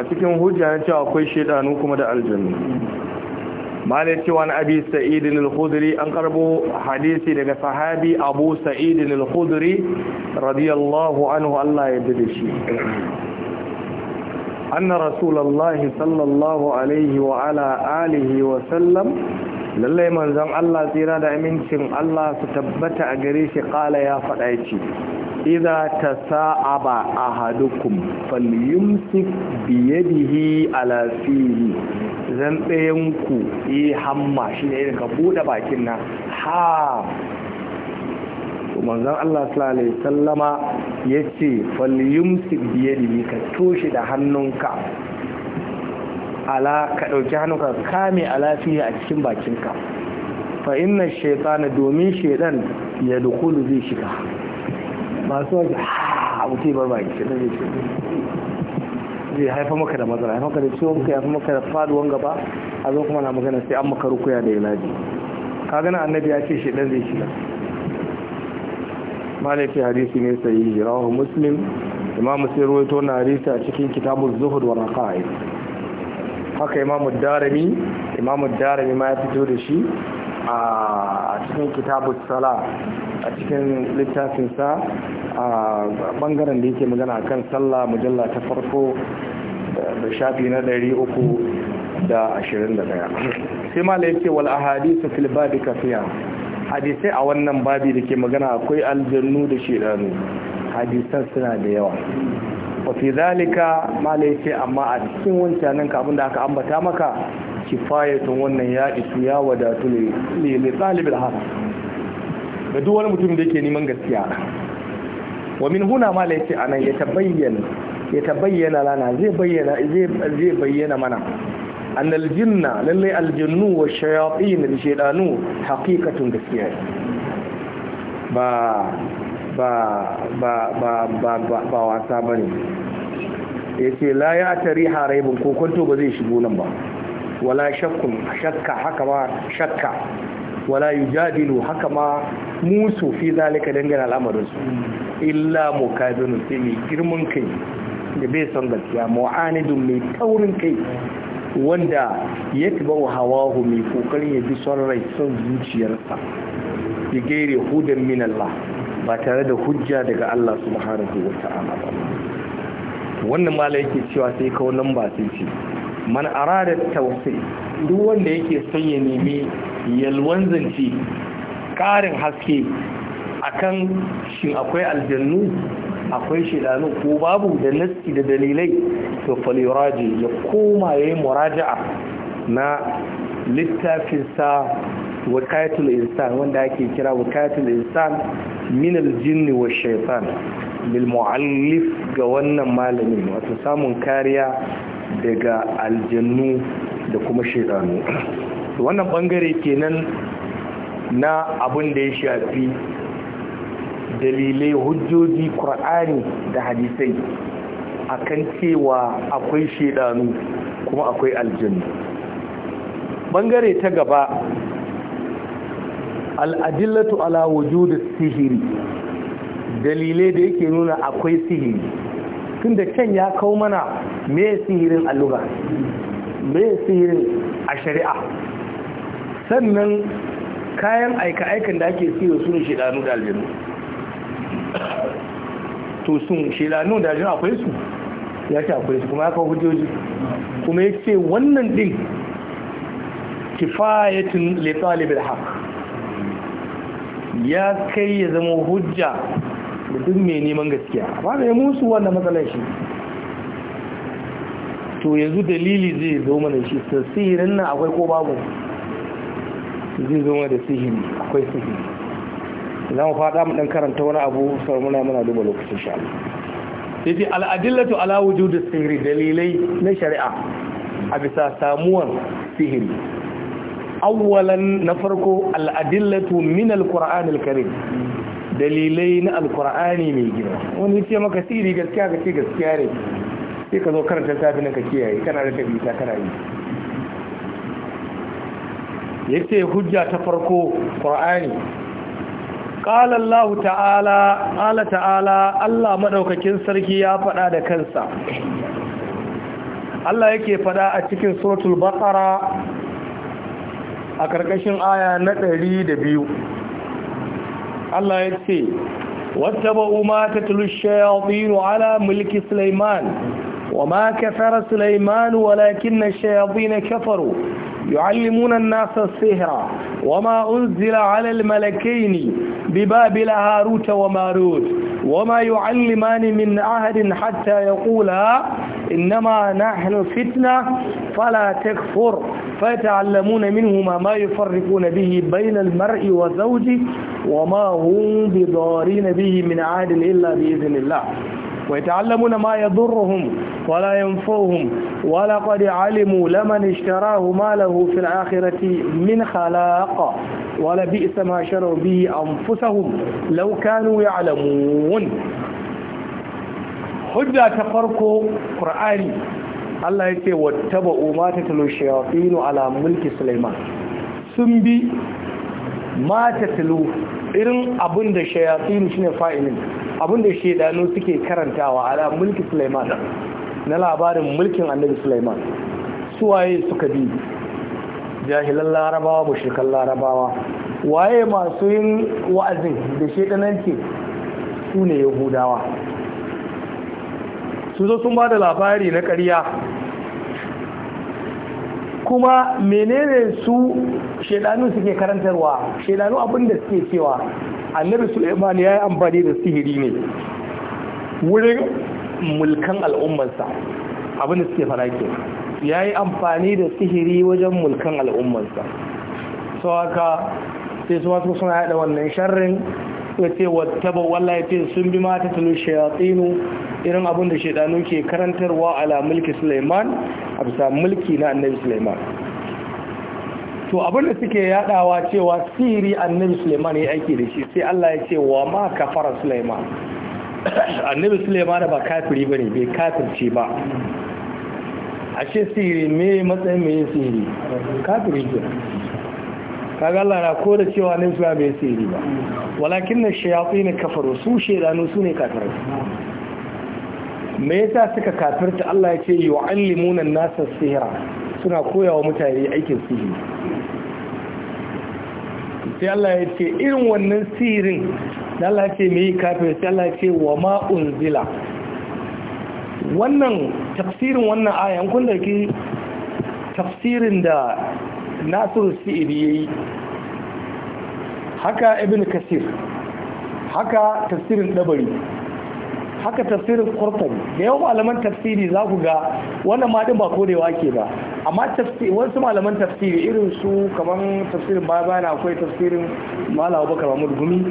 a cikin hujja na cewa akwai shaidanu kuma da aljanu mala ya ce wani abi sa'idin al-khudri an karbo hadisi daga sahabi abu sa'idin al-khudri radiyallahu anhu Allah ya dade shi sallallahu alaihi wa ala alihi wa sallam lallai وسلم allah tsira da amincin allah su tabbata a gare shi kala ya faɗa فدايتي idza a ahadukum falyumsik biyadihi ala fihi zan ɗayan ku yi hamma shi ne ka buɗe bakin nan ha manzon Allah sallallahu alaihi sallama yace falyumsik biyadihi ka toshe da hannunka ala ka ɗauki hannunka kame ala fihi a cikin bakinka fa inna shaytana domin shaydan ya dukulu zai shiga masu wasu a mutu bar baki shi ne zai haifa maka da mazara haifa maka da ciwon ka yafi maka da faduwan gaba a zo kuma na magana sai an maka rukuya da ilaji ka gana annabi ya ce shi dan zai shiga malaki hadisi ne sai yi rawahu muslim imam muslim ruwaito na hadisi a cikin kitabul zuhud wa raqa'i haka imam darimi imam darimi ma ya fito da shi a cikin kitabu sala a cikin littafinsa a bangaren da yake magana kan sallah mujalla ta farko da shafi na 321 sai mala yake wal ahadisu su kafiya hadisai a wannan babi da ke magana akwai aljannu da shidanu hadisan suna da yawa wafi zalika mala yake amma a cikin wancanin kafin da aka ambata maka kifayatun wannan ya isu ya wadatu ne ne talibul haq ga duk wani mutum da yake neman gaskiya wa min huna ma a nan ya ta bayyana lana zai bayyana mana an aljinna lallai aljinnu wa na da shaydanu haqiqatun gaskiya ba ba ba ba ba ba wasa Ya ce la ya tari haraibin ko kwanto ba zai shigo nan ba wala shakkun shakka haka ma shakka wala yujadilu haka ma musu fi zalika dangane al'amarinsu illa mukabirun sai girman kai da bai son gaskiya mu'anidun mai taurin kai wanda ya taba hawahu mai kokarin ya bi son rai son zuciyarsa ya gaire hudan min Allah ba tare da hujja daga Allah subhanahu wa ta'ala ba wannan mala yake cewa sai kawo lamba sai ce man arada tawsi duk wanda yake son ya nemi yalwan zance karin haske akan shin akwai aljannu akwai shidanu ko babu da da dalilai to faliraji ya koma yayi muraja'a na littafin sa wakayatul insan wanda ake kira wakayatul insan min jinni wa shaytan bil muallif ga wannan malamin wato samun kariya daga aljannu da kuma shaidanu wannan bangare kenan na abin da ya shafi dalilai hujjoji ƙur'ani da hadisai akan cewa akwai shaidanu kuma akwai aljannu bangare ta gaba al'adillatu ala wujudu sihiri dalilai da yake nuna akwai sihiri tun da can ya kau mana me sihirin alluga me sihirin a shari'a sannan kayan aika-aikan da ake siyo sun shidanu da aljanu to sun shidanu da aljanu akwai su ya ce akwai su kuma ya kawo hujjoji kuma ya ce wannan din kifayatin letalibin haka ya kai ya zama hujja da duk mai neman gaskiya ba da ya musu wannan matsalar shi to yanzu dalili zai zo mana shi ta sihirin nan akwai ko babu zai zo mana da sihiri akwai sihiri za mu fada mu dan karanta wani abu sau muna muna duba lokacin sha yace al'adillatu ala wujudi sihiri dalilai na shari'a a bisa samuwar sihiri awwalan na farko al'adillatu min al-qur'an al-karim dalilai na al-qur'ani mai gina. wani yace maka sihiri gaskiya gaskiya ne sai ka zo karanta littafin nan ka kiyaye kana da tabita kana yi yace hujja ta farko qur'ani qala allah ta'ala qala ta'ala allah madaukakin sarki ya fada da kansa Allah yake fada a cikin suratul baqara a karkashin aya na ɗari da biyu. Allah ya ce ta umma tatlu shayatin ala mulki sulaiman وما كفر سليمان ولكن الشياطين كفروا يعلمون الناس السهر وما أنزل على الملكين ببابل هاروت وماروت وما يعلمان من عهد حتى يقولا إنما نحن فتنة فلا تكفر فيتعلمون منهما ما يفرقون به بين المرء وزوجه وما هم بضارين به من عهد إلا بإذن الله ويتعلمون ما يضرهم ولا ينفعهم ولقد علموا لمن اشتراه ما في الآخرة من خلاق ولبئس ما شروا به أنفسهم لو كانوا يعلمون hujja ta farko Kur'ani, Allah ya ce wattaba mata tilo shayafinu ala mulki Sulaiman sun bi mata tilo irin abin da shayafinu shine fa'ilin abinda shaidanu suke karantawa ala mulki Sulaiman na labarin mulkin annabi Sulaiman suwaye suka bi jahilan larabawa mushrikan larabawa waye masu yin wa'azi da shaidananci su ne yahudawa su zo sun ba da labari na ƙarya kuma menene su shaidanu suke karantarwa shaidanu abinda suke cewa annabi suleiman ya yi amfani da sihiri ne wurin mulkan al'ummarsa abin da suke faraki ya yi amfani da sihiri wajen mulkan al'ummarsa sau haka sai su wasu suna yada wannan sharrin ya ce wata bawalla ya ce sun bi mata tulu shayatsinu irin abin da shaidanu ke karantarwa ala mulki sulaiman a bisa mulki na annabi sulaiman to abinda suke yadawa cewa siri annabi suleiman ya aiki da shi sai Allah ya ce wa ma kafara suleiman annabi suleiman ba kafiri ne, bai kafirci ba ashe siri me matsayin me siri kafiri ke kaga Allah na ko da cewa annabi suleiman mai siri ba walakin na ne kafaro su shedanu su ne kafirai me yasa suka kafirta Allah ya ce yu'allimuna an-nasa sihra suna koyawa mutane aikin sihiri sai Allah ya ce irin wannan sirin da Allah ce mai kafin sai Allah ce wa ma'un zila wannan tafsirin wannan ayan kun da ke tafsirin da nasiru si'iri ya yi haka ibn kasir haka tafsirin dabari haka tafsirin qurtubi da yawan malaman tafsiri za ku ga wannan ma ba kodewa ke ba amma wasu malaman tafsiri irin su kamar tafsirin baya bayan akwai tafsirin malam abubakar mahmud gumi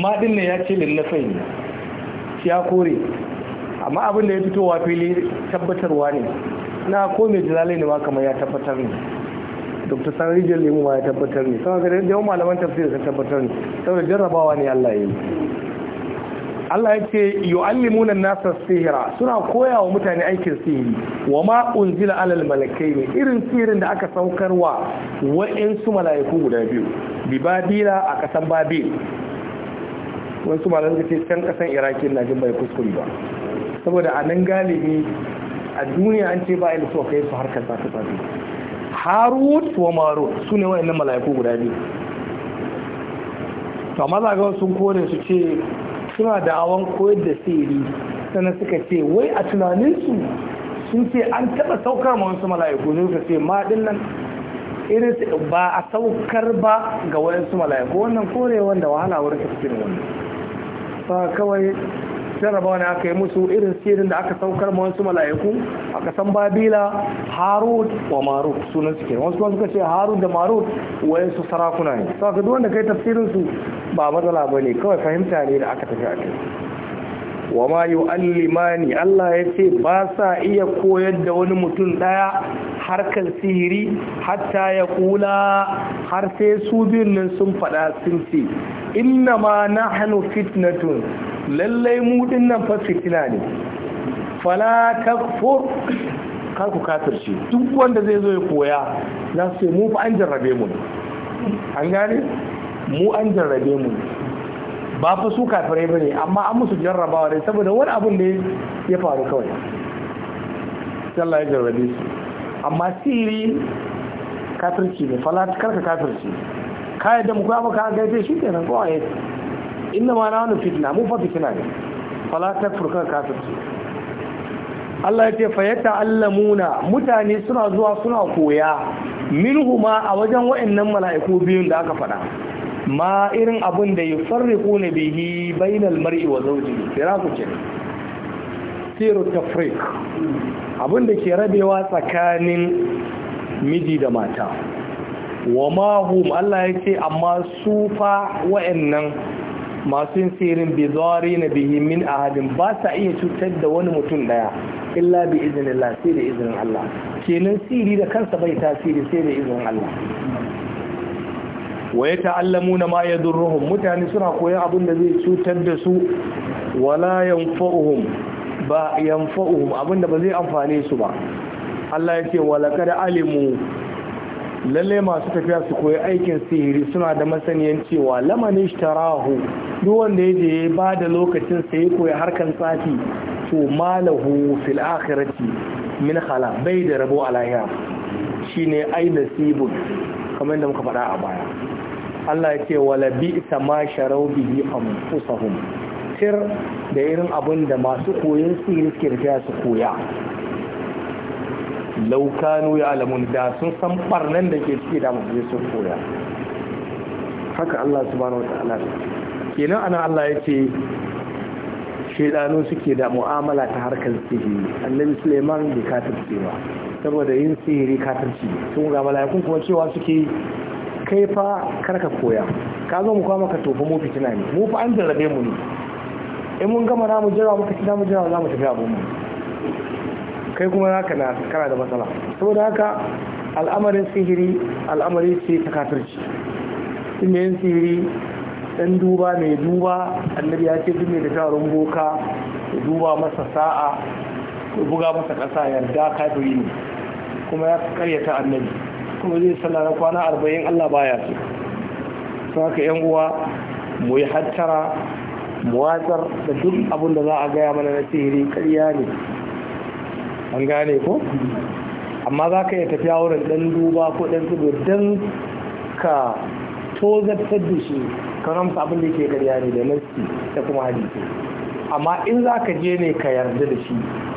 ma ne ya ce lillafai ne ya kore amma abin da ya fitowa fili tabbatarwa ne na ko mai jilalai ne ma kamar ya tabbatar ne dr sanrijin lemu ma ya tabbatar ne sama ga da yawan malaman tafsirin ka tabbatar ne saboda jarrabawa ne allah ya yi Allah ya ce yu'allimuna nasa sihira suna koya wa mutane aikin sihiri wa ma unzila alal malakaini irin sihirin da aka saukarwa wa'insu mala'iku guda biyu bi babila a kasan babil wasu malan suka ce can kasan iraki na jin bai kuskure ba saboda a nan galibi a duniya an ce ba a so kai su harkar zaka zabi harut wa marut su ne wa'annan mala'iku guda biyu to amma za ga sun kore su ce suna da awon koyar da sihiri sana suka ce wai a tunaninsu sun ce an taɓa saukar ma wasu mala'iku ne suka ce ma nan irin ba a saukar ba ga wayansu mala'iku wannan korewa da wahala wurin tafsirin wannan ba kawai jarraba ne aka yi musu irin sirrin da aka saukar ma wasu mala'iku a kasan babila harut wa marut sunan suke wasu kuma suka ce harut da marut wayan su sarakuna ne saka duk duwanda kai tafsirin su ba matsala ne kawai fahimta ne da aka tafi a kai wa ma limani Allah ya ce ba sa iya koyar da wani mutum daya harkar sihiri hatta ya kula har sai su biyun nan sun faɗa sun ce inna ma nahnu fitnatun lallai mu nan fa fitina ne fala takfur kar ku kafirce duk wanda zai zo ya koya za su mu fa an jarrabe mu an gane mu an jarrabe mu ba fa su kafirai bane amma an musu jarrabawa ne saboda wani abun da ya faru kawai Allah ya jarrabe su amma siri kafirci ne fala karka kafirci kai da mu kuma ka dai shi kenan ko a inna ma nanu fitna mu fa fitna ne fala ta furka kafirci Allah ya ce fa ta'allamuna mutane suna zuwa suna koya minhuma a wajen wayannan mala'iku biyun da aka faɗa ma irin abun da yufarriquna bihi bainal mar'i wa zawjihi firaku ce siru tafriq abin da ke rabewa tsakanin miji da mata wa ma hum, Allah ya ce amma su fa wa'annan masu yin sihirin bai na bihimmin min ahadin ba sa iya cutar da wani mutum daya illa bi izinin Allah sai da izinin Allah kenan siri da kansa bai tasiri sai da izinin Allah wa ya ta'allamu na ma ya mutane suna koyan abin da zai cutar da su wala yanfa'uhum ba yanfa'uhum abin da ba zai amfane su ba Allah ya ce wala kada alimu lalle masu tafiya su koyi aikin sihiri suna da masaniyan cewa Lamani shtarahu duk wanda ya je ba da lokacin sa ya koyi harkan tsafi to malahu fil akhirati min khala bai da rabo a lahira shine ai nasibun kamar da muka faɗa a baya Allah ya ce wala bi sama sharau bihi anfusahum tir da irin abin da masu koyon sihiri suke tafiya su koya laukanu ya alamun da sun san barnan da ke ciki da mafi sun koya haka Allah su subhanahu wata ta'ala kenan ana Allah ya ce shaidanu suke da mu'amala ta harkar sihiri annabi suleiman bai Katar cewa saboda yin sihiri katar katarci sun ga mala'ikun kuma cewa suke kai fa karka koya ka zo mu kwama ka tofa mu fitina ne mu fa an jarrabe mu ne in mun gama ramu jira muka ci mu jira za mu tafi abun mu kai kuma naka na kana da matsala saboda haka al'amarin sihiri al'amari sai ta kafirci inda yin sihiri dan duba mai duba annabi ya ce duk da taron boka ya duba masa sa'a ya buga masa ƙasa yarda kafiri ne kuma ya karyata annabi kuma zai sallah na kwana arba'in allah baya ce sun haka yan uwa mu yi hattara mu watsar da duk abin da za a gaya mana na sihiri karya ne an gane ko amma za ka iya tafiya wurin ɗan duba ko ɗan tsibir don ka tozartar da shi ka abin da ke karya ne da nassi da kuma hadisi amma in za ka je ne ka yarda da shi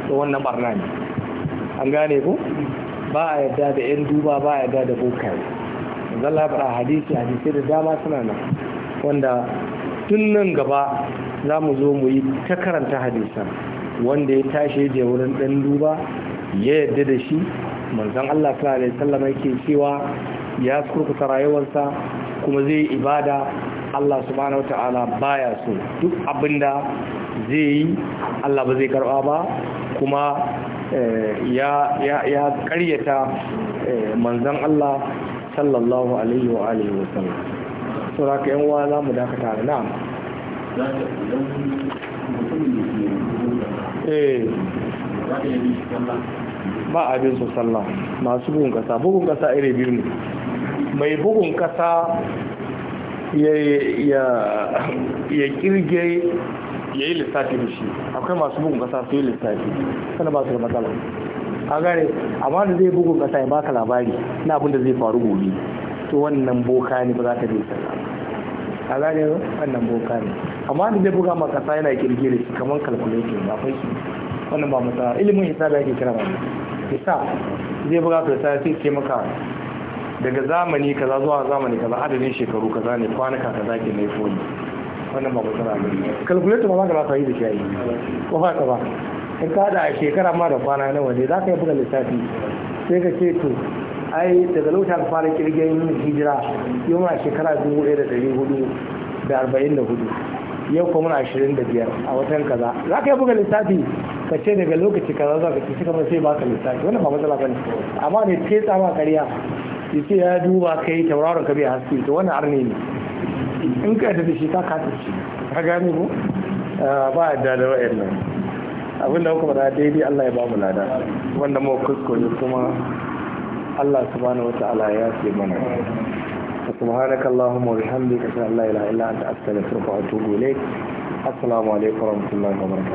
da wannan barna ne an gane ko ba a yarda da yan duba ba a yarda da bokaye zalla bara hadisi hadisi da dama suna nan wanda tun nan gaba za mu zo mu yi ta karanta hadisan wanda ya tashi je wurin dan duba ya yadda da shi manzon Allah sallallahu alaihi wasallam yake cewa ya kurkuta rayuwarsa kuma zai ibada Allah subhanahu wataala baya so duk abinda zai yi Allah ba zai karba ba kuma ya ya ya karyata manzon Allah sallallahu alaihi wa alihi wasallam saboda yan uwa za mu dakata na'am Eh. ba abin su sallah masu bugun kasa bugun kasa iri biyu ne mai bugun kasa ya kirge ya yi lissafi da shi akwai masu bugun kasa su yi lissafi sana ba su da matsala a gane amma da zai bugun kasa ya baka labari na abin da zai faru gobe to wannan boka ne ba za ka je sallah a gane wannan boka ne amma da zai buga maka sa yana kirgiri shi kamar calculator ba kai shi wannan ba masa ilimin da ake kira ba hisab zai buga ka sai sai ce maka daga zamani kaza zuwa zamani kaza adadin shekaru kaza ne kwanaka kaza ke mai foli wannan ba matsala ne calculator ba za ka ba yi da shi ayi ko ba ka ba in ka da shekara ma da kwana nawa ne za ka yi buga lissafi sai ka ce to ai daga lokacin aka fara kirgin hijira yau muna shekara dubu ɗaya da ɗari hudu da arba'in da hudu yau kuma muna ashirin da biyar a watan kaza za ka yi buga lissafi ka ce daga lokaci kaza za ka ci cika sai ba ka lissafi wannan ba matsala ba ne amma ne ke tsama karya ya ce ya duba kai tauraron ka bai haske to wannan arne ne in ka yadda da shi ka kasa shi ka gane ko ah, ba yadda da wa'annan abinda kuka faɗa daidai Allah ya ba mu lada wanda mu kuskure kuma Allah subhanahu wata'ala ya ce mana subhanaka allahumma wa bihamdika ashhadu an la ilaha illa anta astaghfiruka wa atubu ilayk assalamu alaikum wa rahmatullahi wa